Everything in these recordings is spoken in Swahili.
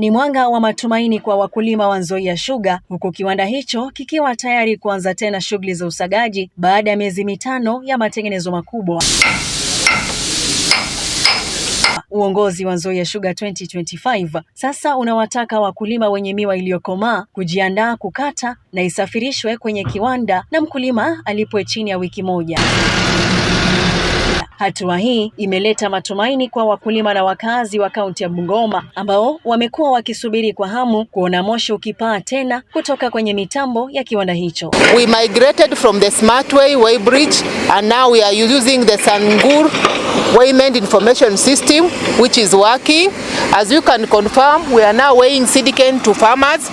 ni mwanga wa matumaini kwa wakulima wa Nzoia Sugar, huku kiwanda hicho kikiwa tayari kuanza tena shughuli za usagaji baada ya miezi mitano ya matengenezo makubwa. Uongozi wa Nzoia Sugar 2025 sasa unawataka wakulima wenye miwa iliyokomaa kujiandaa kukata na isafirishwe kwenye kiwanda na mkulima alipwe chini ya wiki moja. Hatua hii imeleta matumaini kwa wakulima na wakazi wa kaunti ya Bungoma ambao wamekuwa wakisubiri kwa hamu kuona moshi ukipaa tena kutoka kwenye mitambo ya kiwanda hicho. We migrated from the Smartway weighbridge and now we are using the Sangur weighment information system which is working. As you can confirm, we are now weighing silicon to farmers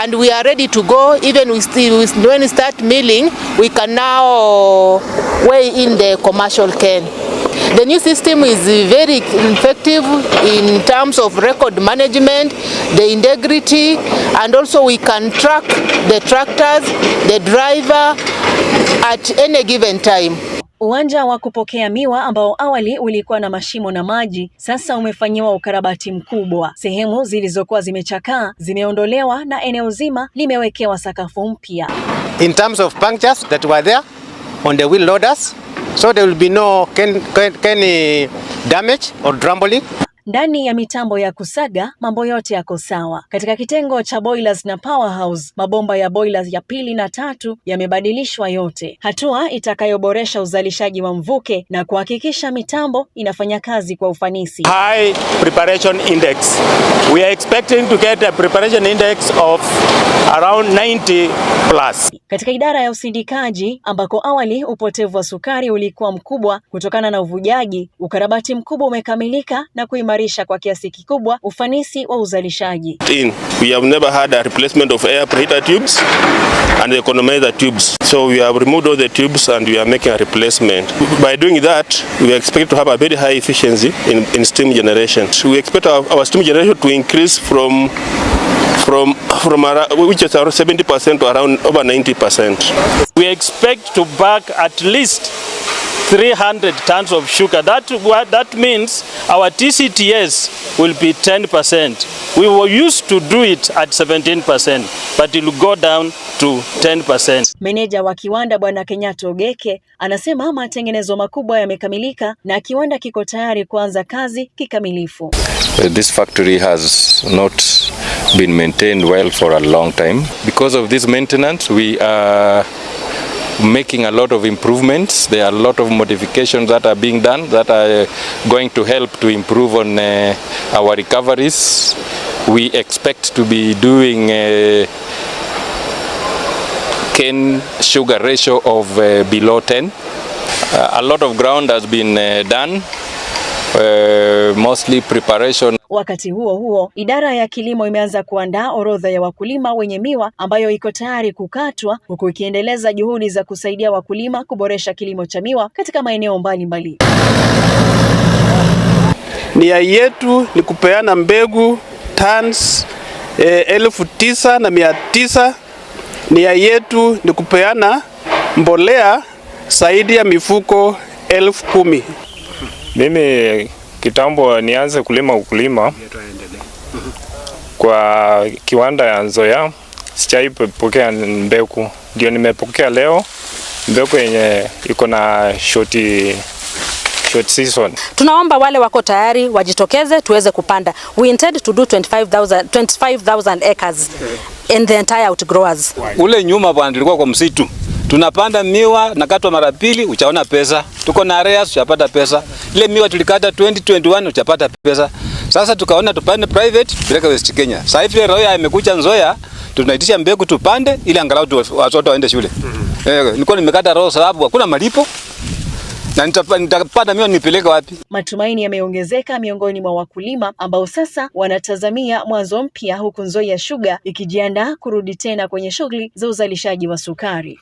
and we are ready to go even when we start milling, we can now weigh in the commercial cane. The new system is very effective in terms of record management, the integrity, and also we can track the tractors, the driver at any given time. Uwanja wa kupokea miwa ambao awali ulikuwa na mashimo na maji sasa umefanyiwa ukarabati mkubwa. Sehemu zilizokuwa zimechakaa zimeondolewa na eneo zima limewekewa sakafu mpya. In terms of punctures that were there on the wheel loaders so there will be no can, can, can damage or rumbling. Ndani ya mitambo ya kusaga mambo yote yako sawa. Katika kitengo cha boilers na powerhouse, mabomba ya boilers ya pili na tatu yamebadilishwa yote, hatua itakayoboresha uzalishaji wa mvuke na kuhakikisha mitambo inafanya kazi kwa ufanisi. High preparation index. We are expecting to get a preparation index of around 90 plus. Katika idara ya usindikaji ambako awali upotevu wa sukari ulikuwa mkubwa kutokana na uvujaji, ukarabati mkubwa umekamilika na kuimarisha kuimarisha kwa kiasi kikubwa ufanisi wa uzalishaji. We have never had a replacement of air preheater tubes and economizer tubes. So we have removed all the tubes and we are making a replacement. By doing that, we expect to have a very high efficiency in, in steam generation. We expect our, our steam generation to increase from from from which is around 70% to around over 90%. We expect to back at least 300 tons of sugar. That, that means our TCTS will be 10%. We were used to do it at 17%, but it will go down to 10%. Meneja wa kiwanda Bwana Kenyatta Ogeke anasema matengenezo makubwa yamekamilika na kiwanda kiko tayari kuanza kazi kikamilifu. Uh, this factory has not been maintained well for a long time. Because of this maintenance, we are making a lot of improvements. There are a lot of modifications that are being done that are uh, going to help to improve on uh, our recoveries. We expect to be doing a uh, cane sugar ratio of uh, below 10. Uh, a lot of ground has been uh, done. Eh, mostly preparation. Wakati huo huo, idara ya kilimo imeanza kuandaa orodha ya wakulima wenye miwa ambayo iko tayari kukatwa huku ikiendeleza juhudi za kusaidia wakulima kuboresha kilimo cha miwa katika maeneo mbalimbali. Nia yetu ni kupeana mbegu tans e, eh, elfu tisa na mia tisa. Nia yetu ni kupeana mbolea zaidi ya mifuko elfu kumi. Mimi kitambo nianze kulima ukulima kwa kiwanda ya Nzoia, sijaipokea mbegu, ndio nimepokea leo mbegu yenye iko na shoti short season. Tunaomba wale wako tayari wajitokeze tuweze kupanda. We intend to do 25,000 25,000 acres in the entire outgrowers. Ule nyuma bwana tulikuwa kwa msitu tunapanda miwa na katwa mara pili, uchaona pesa. Tuko na areas, uchapata pesa. Ile miwa tulikata 2021 utapata pesa. Sasa tukaona tupande private tupeleke West Kenya. Sasa hivi Roya imekucha Nzoia, tunaitisha mbegu tupande ili angalau watoto waende shule. Mm -hmm. Eh, niko nimekata roho sababu hakuna malipo. Na nitapanda miwa nipeleke wapi? Matumaini yameongezeka miongoni mwa wakulima ambao sasa wanatazamia mwanzo mpya huku Nzoia Sugar ikijiandaa kurudi tena kwenye shughuli za uzalishaji wa sukari.